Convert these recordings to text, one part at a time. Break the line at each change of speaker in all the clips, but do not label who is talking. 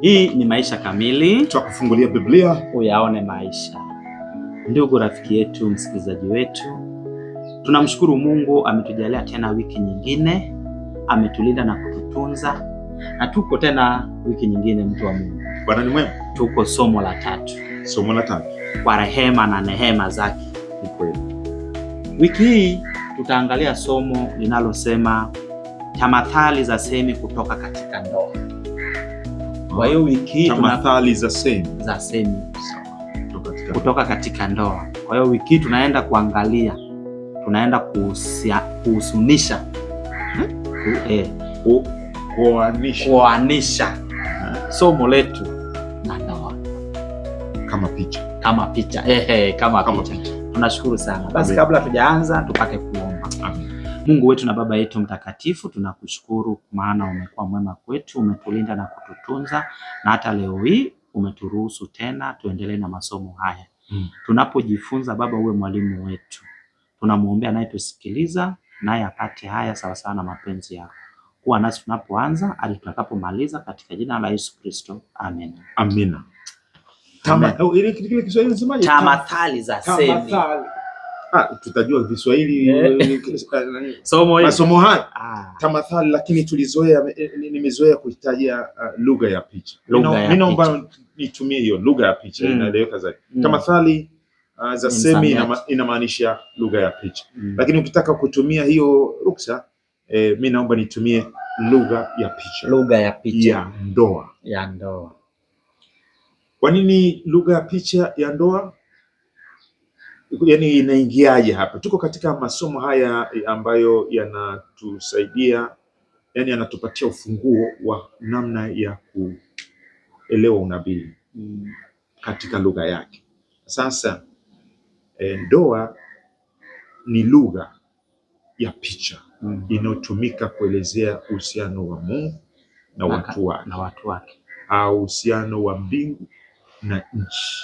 Hii ni Maisha Kamili,
kufungulia Biblia
uyaone maisha. Ndugu rafiki yetu, msikilizaji wetu, tunamshukuru Mungu ametujalia tena wiki nyingine, ametulinda na kututunza, na tuko tena wiki nyingine. Mtu wa Mungu, Bwana ni mwema. Tuko somo la tatu,
somo la tatu,
kwa rehema na nehema zake. Ni kweli, wiki hii tutaangalia somo linalosema tamathali za semi kutoka katika ndoa. Kwa hiyo wiki hii
tuna za semi
za semi kutoka katika ndoa. Kwa hiyo wiki hii tunaenda kuangalia, tunaenda kuhusunisha, hmm? eh, kuoanisha eh. somo letu na ndoa kama picha, kama picha, ehe, kama picha. Tunashukuru sana basi, kabla tujaanza tupate Mungu wetu na Baba yetu mtakatifu, tunakushukuru maana umekuwa mwema kwetu, umetulinda na kututunza, na hata leo hii umeturuhusu tena tuendelee na masomo haya hmm. Tunapojifunza Baba, uwe mwalimu wetu, tunamwombea anayetusikiliza naye apate haya sawasawa na mapenzi yako. Kuwa nasi tunapoanza hadi tutakapomaliza, katika jina la Yesu Kristo, amen.
Amina. Oh,
Tamathali za
semi Ah, tutajua Kiswahili eh.
Eh, masomo haya ah.
tamathali, lakini tulizoea, eh, nimezoea kuitaja ah, lugha ya picha. Mimi naomba nitumie hiyo lugha ya picha, mm. inaeleweka zaidi. Mm. Tamathali za semi inamaanisha lugha ya picha, mm. lakini ukitaka kutumia hiyo ruksa, mimi naomba nitumie lugha ya picha,
lugha ya picha
ya ndoa,
ya ndoa.
Kwa nini lugha ya picha ya ndoa? yani inaingiaje hapa? Tuko katika masomo haya ambayo yanatusaidia, yani yanatupatia ufunguo wa namna ya kuelewa unabii katika lugha yake. Sasa e, ndoa ni lugha ya picha mm -hmm. inayotumika kuelezea uhusiano wa Mungu na watu wake
na watu wake
au ah, uhusiano wa mbingu na nchi.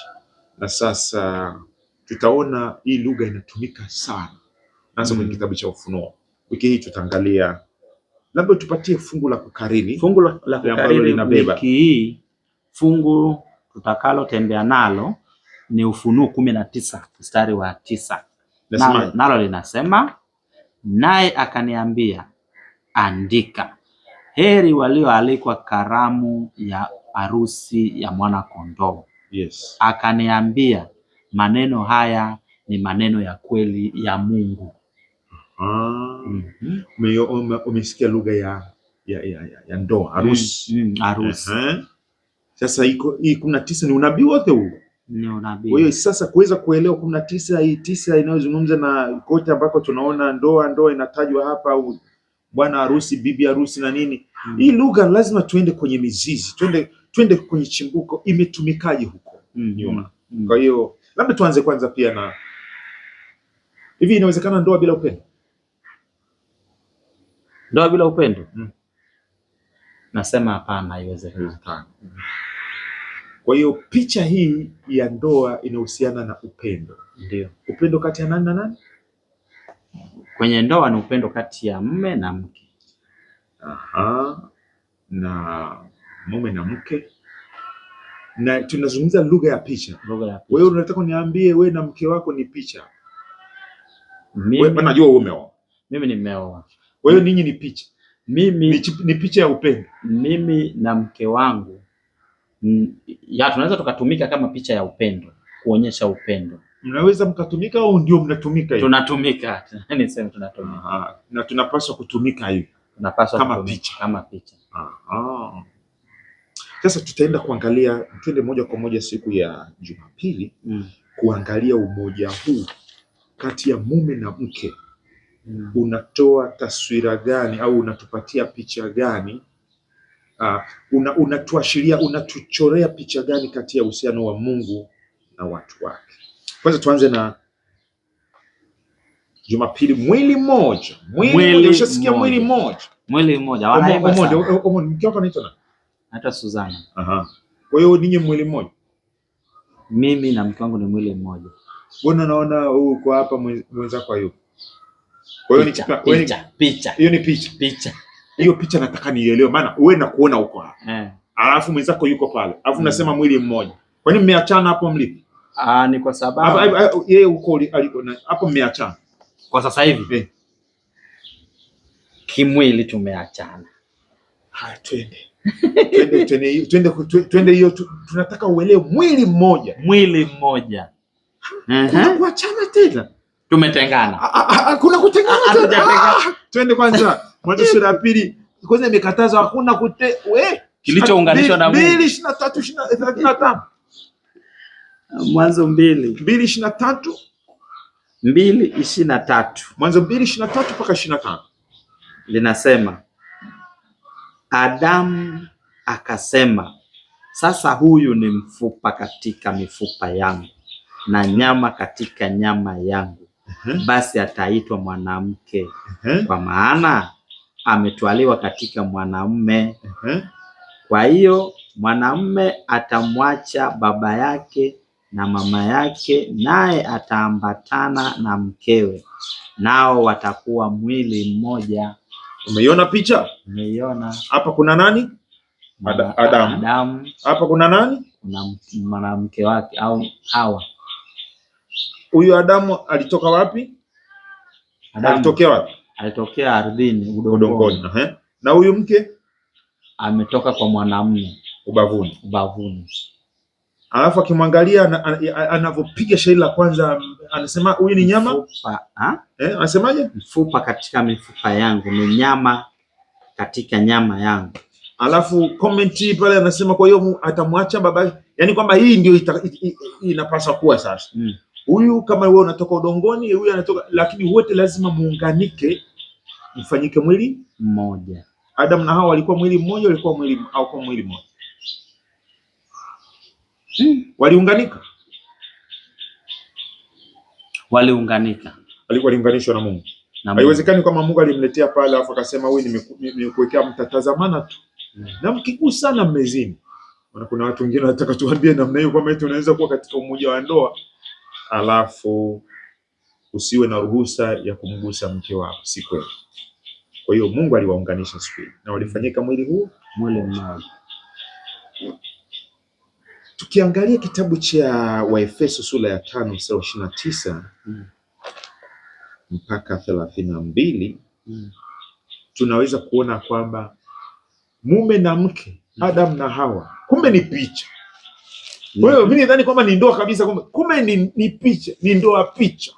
Na sasa tutaona hii lugha inatumika sana hasa kwenye mm. kitabu cha Ufunuo. Wiki hii tutaangalia, labda tupatie fungu la kukarini,
fungu la, la wiki hii. Fungu tutakalotembea nalo ni Ufunuo kumi na tisa mstari wa tisa nalo, nalo linasema naye akaniambia, andika, heri walioalikwa karamu ya arusi ya mwana kondoo. Yes. Akaniambia Maneno haya ni maneno ya kweli ya Mungu.
Ah. Mhm. Umesikia lugha ya ya, ya, ya ndoa mm, harusi, mm,
mm, harusi.
Sasa iko hii kumi na tisa ni unabii wote huu. Kwa hiyo sasa kuweza kuelewa kumi na tisa hii tisa inayozungumza na kote ambako tunaona ndoa, ndoa inatajwa hapa, bwana harusi, bibi harusi na nini mm. Hii lugha lazima tuende kwenye mizizi, tuende tuende kwenye chimbuko, imetumikaje huko mm. Nyuma. Mm. mm. Kwa hiyo Labda tuanze kwanza pia na hivi, inawezekana ndoa bila upendo?
Ndoa bila upendo mm. Nasema hapana, haiwezekani.
Kwa hiyo picha hii ya ndoa inahusiana na upendo. Ndio. Upendo kati ya nani na nani?
Kwenye ndoa ni upendo kati ya mume na mke.
Aha. Na mume na mke na tunazungumza lugha ya picha. Wewe unataka niambie wewe na mke wako ni picha? Mimi najua wewe umeoa,
mimi nimeoa,
wewe ninyi ni picha. Mimi ni, ni picha ya upendo.
Mimi na mke wangu ya tunaweza tukatumika kama picha ya upendo, kuonyesha upendo.
Mnaweza mkatumika au ndio mnatumika hivi?
Tunatumika, niseme tunatumika. Aha.
Na tunapaswa kutumika hivi, tunapaswa kama picha, kama picha. Aha. Sasa tutaenda kuangalia, twende moja kwa moja siku ya Jumapili mm. kuangalia umoja huu kati ya mume na mke mm. unatoa taswira gani au unatupatia picha gani? Uh, una, unatuchorea picha gani kati ya uhusiano wa Mungu na watu wake? Kwanza tuanze na Jumapili, mwili mmoja. Mwili mmoja, ushasikia mwili mmoja, mwili mmoja. Wanaimba mmoja, Mke wako anaitwa
hata Suzana.
Aha. Kwa hiyo ninyi mwili mmoja?
Mimi na mke wangu ni mwili mmoja.
Mbona naona huu uko hapa mwenzako hayupo? Kwa hiyo ni picha. picha, picha. Hiyo ni picha. Picha. Hiyo picha nataka nielewe, maana wewe nakuona huko hapa. Eh. Alafu mwenzako yuko pale. Alafu mm. unasema mwili mmoja. Kwa nini mmeachana hapo mlipo? Ah, ni kwa sababu yeye huko aliko na hapo mmeachana.
Kwa sasa hivi. Eh. Kimwili tumeachana.
Haya twende twende hiyo, tunataka uelewe mwili mmoja,
mwili mmoja.
Kuna kuachana tena,
tumetengana,
kuna kutengana. Ah, twende kwanza Mwanzo eh. sura ya pili kwanza, imekataza hakuna kute
kilichounganishwa na
Mungu. mbili ishirini na tatu na tano
Mwanzo mbili
mbili ishirini tatu
mbili ishirini na tatu
Mwanzo mbili ishirini na tatu mpaka ishirini na tano
linasema Adamu akasema, sasa huyu ni mfupa katika mifupa yangu na nyama katika nyama yangu, basi ataitwa mwanamke kwa maana ametwaliwa katika mwanamume. Kwa hiyo mwanamume atamwacha baba yake na mama yake, naye ataambatana na mkewe, nao watakuwa mwili mmoja.
Umeiona picha?
Umeiona.
Hapa kuna nani? Adamu.
Adamu.
Hapa kuna nani?
Kuna mwanamke wake au Hawa.
Huyu Adamu alitoka wapi? Adamu. Alitokea wapi?
Alitokea ardhini,
udongoni. Na huyu mke
ametoka kwa mwanamume ubavuni, ubavuni
alafu akimwangalia anavyopiga shairi la kwanza, anasema huyu ni nyama mfupa, eh, anasemaje?
Mfupa katika mifupa yangu ni nyama katika nyama yangu.
Alafu comment pale anasema kwa hiyo atamwacha baba, yani kwamba hii ndio inapaswa kuwa sasa mm. huyu mm. Kama wewe unatoka udongoni, huyu anatoka, lakini wote lazima muunganike, mfanyike mwili
mmoja.
Adam na Hawa walikuwa mwili mmoja, walikuwa mwili au kwa mwili mmoja hmm. Waliunganika,
waliunganika,
waliunganishwa na Mungu. Haiwezekani kama Mungu alimletea pale alafu akasema wewe nimekuwekea, mtatazamana tu mm. na mkiguu sana mmezini. Kuna watu wengine wanataka tuambie namna hiyo kwamba eti unaweza kuwa katika umoja wa ndoa alafu usiwe na ruhusa ya kumgusa mke wako, si kweli. Kwa hiyo Mungu aliwaunganisha siku na walifanyika mwili huu
mwili mmoja.
Tukiangalia kitabu cha Waefeso sura ya tano mstari wa ishirini na tisa mm. mpaka thelathini na mbili mm. tunaweza kuona kwamba mume na mke mm. Adamu na Hawa kumbe ni picha mm. kwa hiyo mimi nadhani kwamba ni ndoa kabisa, kumbe kumbe ni, ni picha ni ndoa picha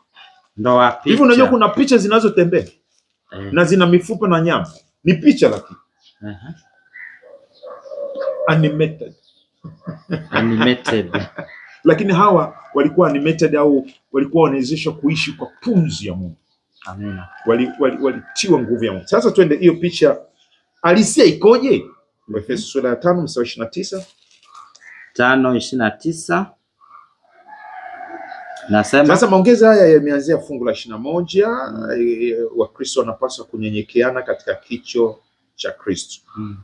ndoa picha. Hivi unajua kuna picha zinazotembea mm. na zina mifupa na nyama, ni picha lakini uh -huh. animated
animated.
Lakini hawa walikuwa animated au walikuwa wanawezeshwa kuishi kwa pumzi ya Mungu. Amina. Wali, wali, wali nguvu ya Mungu. Sasa twende hiyo picha alisia ikoje? Efeso sura ya 5 mstari wa 29.
5:29. Nasema.
Sasa maongezi haya yameanzia fungu la 21 hmm. moja mm. Wakristo wanapaswa kunyenyekeana katika kicho cha Kristo hmm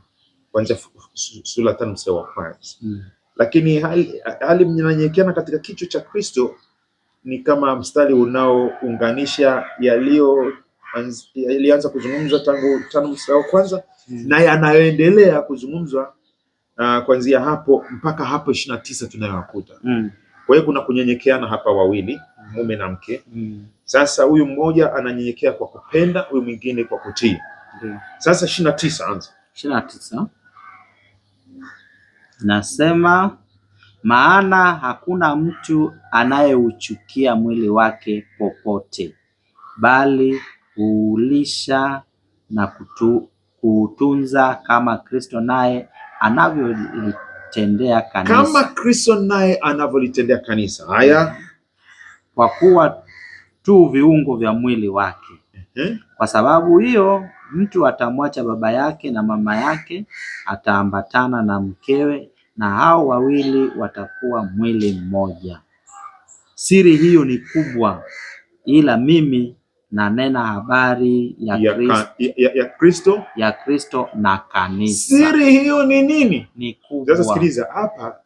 kuanzia sura tano mstari wa kwanza mm. Lakini hali, hali mnyenyekeana katika kichwa cha Kristo ni kama mstari unaounganisha yaliyoanza kuzungumzwa tangu tano mstari wa kwanza mm. na yanayoendelea kuzungumzwa uh, kuanzia hapo mpaka hapo ishirini na tisa tunayowakuta mm. Kwa hiyo kuna kunyenyekeana hapa wawili mm. mume na mke mm. Sasa huyu mmoja ananyenyekea kwa kupenda, huyu mwingine kwa kutii mm. Sasa ishirini na tisa anza
ishirini na tisa Nasema maana hakuna mtu anayeuchukia mwili wake popote, bali huulisha na kutu, kuutunza kama Kristo naye anavyolitendea kanisa.
Kama Kristo naye anavyolitendea kanisa. Haya,
kwa kuwa tu viungo vya mwili wake. Kwa sababu hiyo Mtu atamwacha baba yake na mama yake, ataambatana na mkewe na hao wawili watakuwa mwili mmoja. Siri hiyo ni kubwa, ila mimi nanena habari ya,
ya, Kristo, ya, ya, Kristo,
ya Kristo na kanisa.
Siri hiyo ni nini?
Ni kubwa.
Sasa sikiliza hapa,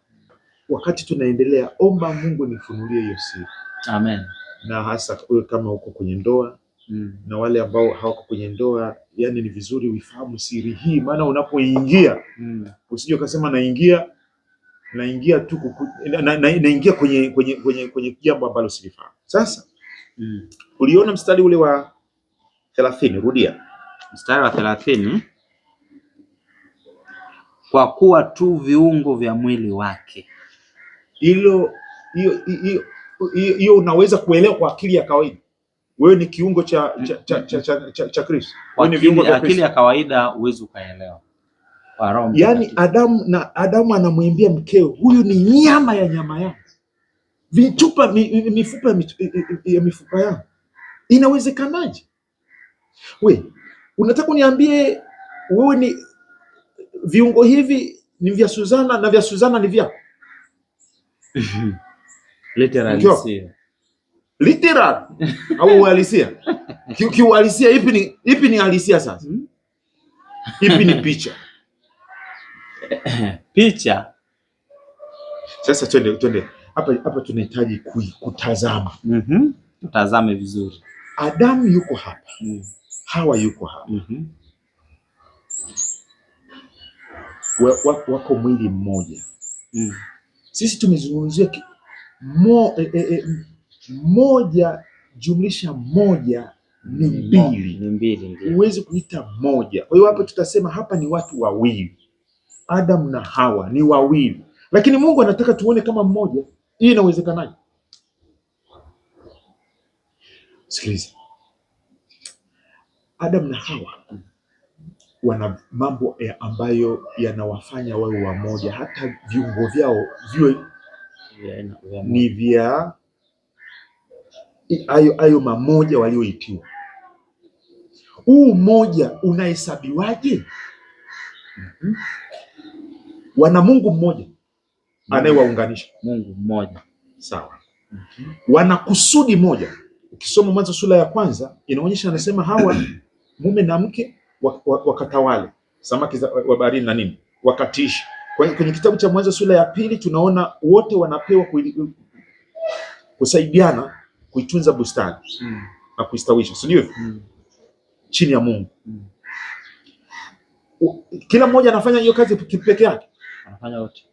wakati tunaendelea, omba Mungu nifunulie hiyo siri. Amen. Na hasa kama uko kwenye ndoa mm. na wale ambao hawako kwenye ndoa, yani ni vizuri uifahamu siri hii, maana unapoingia mm. usije ukasema naingia naingia tu naingia na, na kwenye kwenye kwenye kwenye jambo ambalo silifahamu. Sasa mm. uliona mstari ule wa 30, rudia
mstari wa thelathini kwa kuwa tu viungo vya mwili wake.
Hilo hiyo unaweza kuelewa kwa akili ya kawaida wewe ni kiungo cha cha cha cha, cha, cha, cha Kristo.
Wewe ni viungo vya akili ya kawaida huwezi ukaelewa.
Yaani Adamu na Adamu anamwambia mkeo, huyu ni nyama ya nyama yangu, Vichupa mifupa ya mifupa yangu. Inawezekanaje? Wewe unataka uniambie wewe ni viungo hivi ni vya Suzana na vya Suzana ni vyako? literal au uhalisia. Kiuhalisia ipi ni ipi ni halisia sasa? Hmm? Ipi ni picha?
Picha.
Sasa twende twende hapa hapa tunahitaji kutazama. Mhm.
Mm, tutazame vizuri.
Adamu yuko hapa. Mm. Hawa yuko hapa. Mm -hmm. Wako mwili mmoja. Mm. Sisi tumezungumzia e, e, e, moja jumlisha moja ni mbili,
ni mbili
huwezi kuita moja. Kwa hiyo hapa tutasema hapa ni watu wawili, Adamu na Hawa ni wawili, lakini Mungu anataka tuone kama mmoja. Hii inawezekanaje? Sikiliza, Adamu na Hawa wana mambo ambayo yanawafanya wawe wamoja, hata viungo vyao viwe ni vya Eh, hayo hayo mamoja walioitiwa. Huu umoja unahesabiwaje? mm -hmm. Wana Mungu mmoja anayewaunganisha,
Mungu mmoja
sawa. mm -hmm. Wana kusudi moja. Ukisoma Mwanzo sura ya kwanza inaonyesha, anasema hawa mume na mke wakatawale samaki wa baharini na nini, wakatiishi. Kwenye kitabu cha Mwanzo sura ya pili tunaona wote wanapewa kusaidiana kuitunza bustani mm. na kuistawisha, sio ndio? mm. chini ya Mungu mm. Kila mmoja anafanya hiyo kazi peke yake, anafanya yote.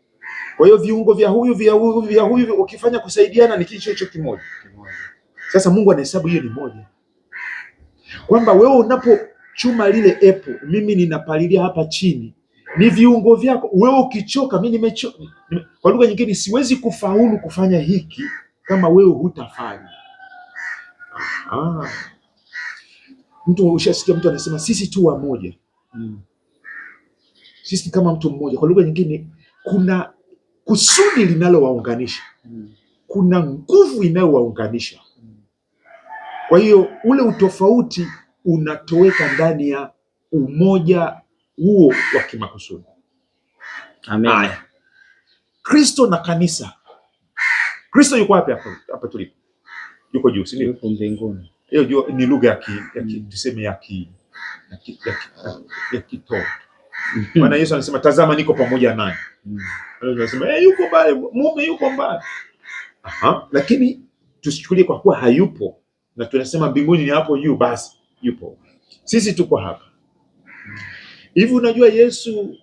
Kwa hiyo viungo vya huyu vya huyu vya huyu ukifanya kusaidiana ni kitu hicho kimoja. Sasa Mungu anahesabu hiyo ni moja, kwamba wewe unapochuma lile epo, mimi ninapalilia hapa chini, ni viungo vyako. Wewe ukichoka, mimi nimechoka. Kwa lugha nyingine, siwezi kufaulu kufanya hiki kama wewe hutafanya Ah. Mtu ushasikia mtu anasema sisi tu wamoja mm. Sisi kama mtu mmoja, kwa lugha nyingine, kuna kusudi linalowaunganisha mm. Kuna nguvu inayowaunganisha mm. Kwa hiyo ule utofauti unatoweka ndani ya umoja huo wa kimakusudi. Amen. Kristo na kanisa. Kristo yuko wapi hapa tulipo? yuko juu, si ndio?
Yuko mbinguni.
Hiyo ni lugha ya tuseme ya ki ya to. Maana Yesu anasema tazama, niko pamoja naye. Mm. Anasema eh, yuko mbali, mume yuko mbali. Aha, lakini tusichukulie kwa kuwa hayupo na tunasema mbinguni ni hapo juu, basi yupo. Sisi tuko hapa hivi. Unajua Yesu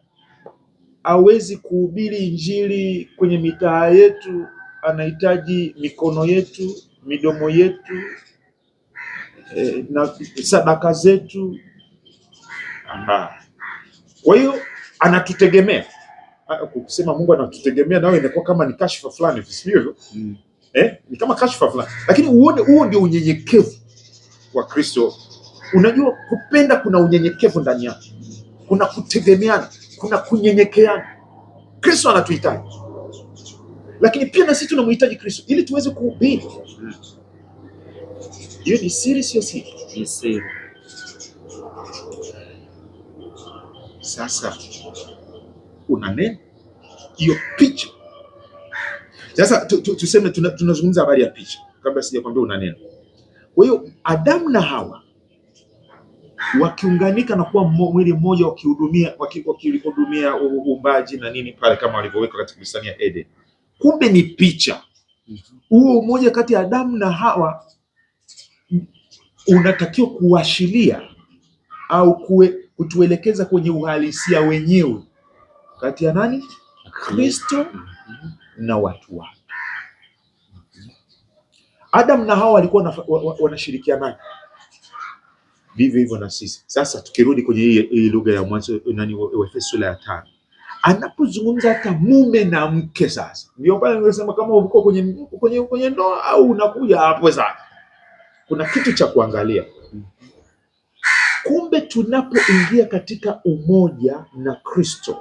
hawezi kuhubiri injili kwenye mitaa yetu, anahitaji mikono yetu midomo yetu eh, na sadaka zetu. Kwa hiyo anatutegemea. Kusema Mungu anatutegemea nayo inakuwa kama ni kashfa fulani hivi, sivyo hivyo? Mm. Eh, ni kama kashfa fulani, lakini uone, huo ndio unyenyekevu wa Kristo. Unajua, kupenda kuna unyenyekevu ndani yake, kuna kutegemeana, kuna kunyenyekeana. Kristo anatuhitaji lakini pia na sisi tunamhitaji Kristo ili tuweze kuhubiri. Hiyo ni siri, sio siri? Ni siri. Sasa una neno hiyo picha. Sasa tu, tu, tuseme tunazungumza habari ya picha, kabla sijakwambia una neno. Kwa hiyo Adamu na Hawa wakiunganika na kuwa mwili mmoja, wakihudumia wakihudumia uumbaji na nini pale, kama walivyoweka katika bustani ya Eden Kumbe ni picha. Huo umoja kati ya Adamu na Hawa unatakiwa kuashiria au kue, kutuelekeza kwenye uhalisia wenyewe kati ya nani? Kristo na watu wake. Adam na Hawa walikuwa wanashirikiana vivyo hivyo na sisi. Sasa tukirudi kwenye hii lugha ya mwanzo nani, Waefeso sura ya tano anapozungumza hata mume na mke. Sasa ndio pale nimesema kama uko kwenye kwenye kwenye ndoa au unakuja hapo, sasa kuna kitu cha kuangalia. Kumbe tunapoingia katika umoja na Kristo,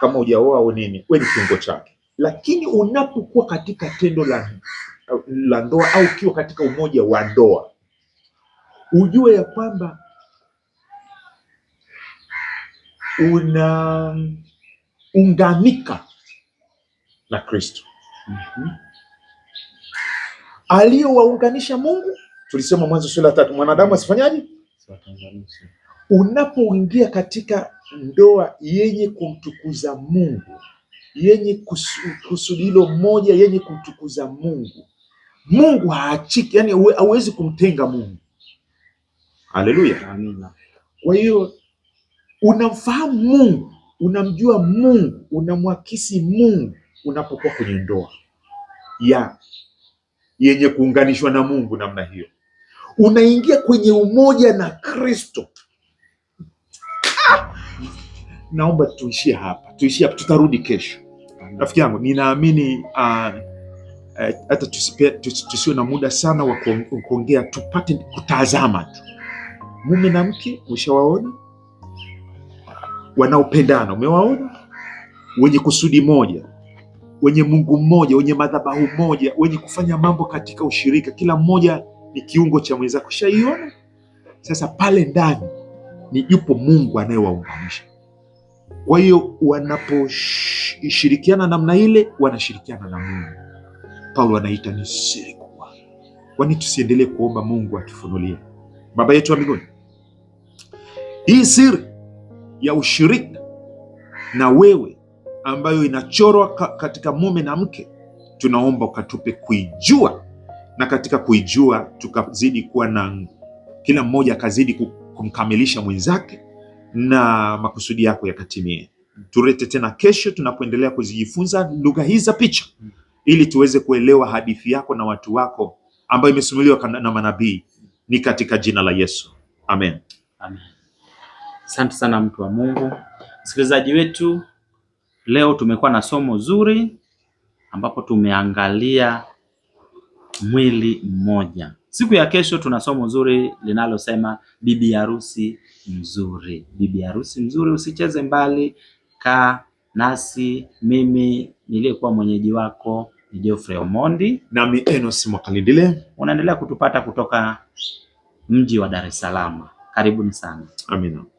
kama hujaoa au nini, wewe ni kiungo chake, lakini unapokuwa katika tendo la la ndoa au ukiwa katika umoja wa ndoa, ujue ya kwamba unaunganika na Kristo. mm -hmm. Aliyowaunganisha Mungu, tulisema Mwanzo sura ya tatu, mwanadamu asifanyaje? Unapoingia katika ndoa yenye kumtukuza Mungu, yenye kusudi hilo moja, yenye kumtukuza Mungu, Mungu haachiki, yani hauwezi kumtenga Mungu. Haleluya, amina. Kwa hiyo Unamfahamu Mungu, unamjua Mungu, unamwakisi Mungu unapokuwa kwenye ndoa ya yenye kuunganishwa na Mungu namna hiyo, unaingia kwenye umoja na Kristo. Naomba tuishie hapa, tuishie hapa, tutarudi kesho. Rafiki yangu, ninaamini ah, eh, hata uh, tusiwe na muda sana wa kuongea, tupate kutazama tu mume na mke, ushawaona wanaopendana, umewaona, wenye kusudi moja, wenye Mungu mmoja, wenye madhabahu moja, wenye kufanya mambo katika ushirika, kila mmoja ni kiungo cha mwenzako. Shaiona sasa, pale ndani ni yupo Mungu anayewaunganisha. Kwa hiyo wanaposhirikiana namna ile, wanashirikiana na Mungu. Paulo anaita ni siri kubwa. Kwani tusiendelee kuomba Mungu atufunulie? Baba yetu wa mbinguni, hii siri ya ushirika na wewe ambayo inachorwa katika mume na mke, tunaomba ukatupe kuijua, na katika kuijua tukazidi kuwa na kila mmoja akazidi kumkamilisha mwenzake na makusudi yako yakatimie. turete tena kesho tunapoendelea kuzijifunza lugha hii za picha, ili tuweze kuelewa hadithi yako na watu wako ambayo imesimuliwa na manabii. Ni katika jina la Yesu, amen,
amen. Asante sana mtu wa Mungu, msikilizaji wetu. Leo tumekuwa na somo zuri ambapo tumeangalia mwili mmoja. Siku ya kesho tuna somo zuri linalosema bibi harusi mzuri. Bibi harusi mzuri, usicheze mbali, kaa nasi. Mimi niliyekuwa mwenyeji wako ni Geoffrey Omondi
nami Enos Mwakalindile.
Unaendelea kutupata kutoka mji wa Dar es Salaam. Karibuni sana.
Amina.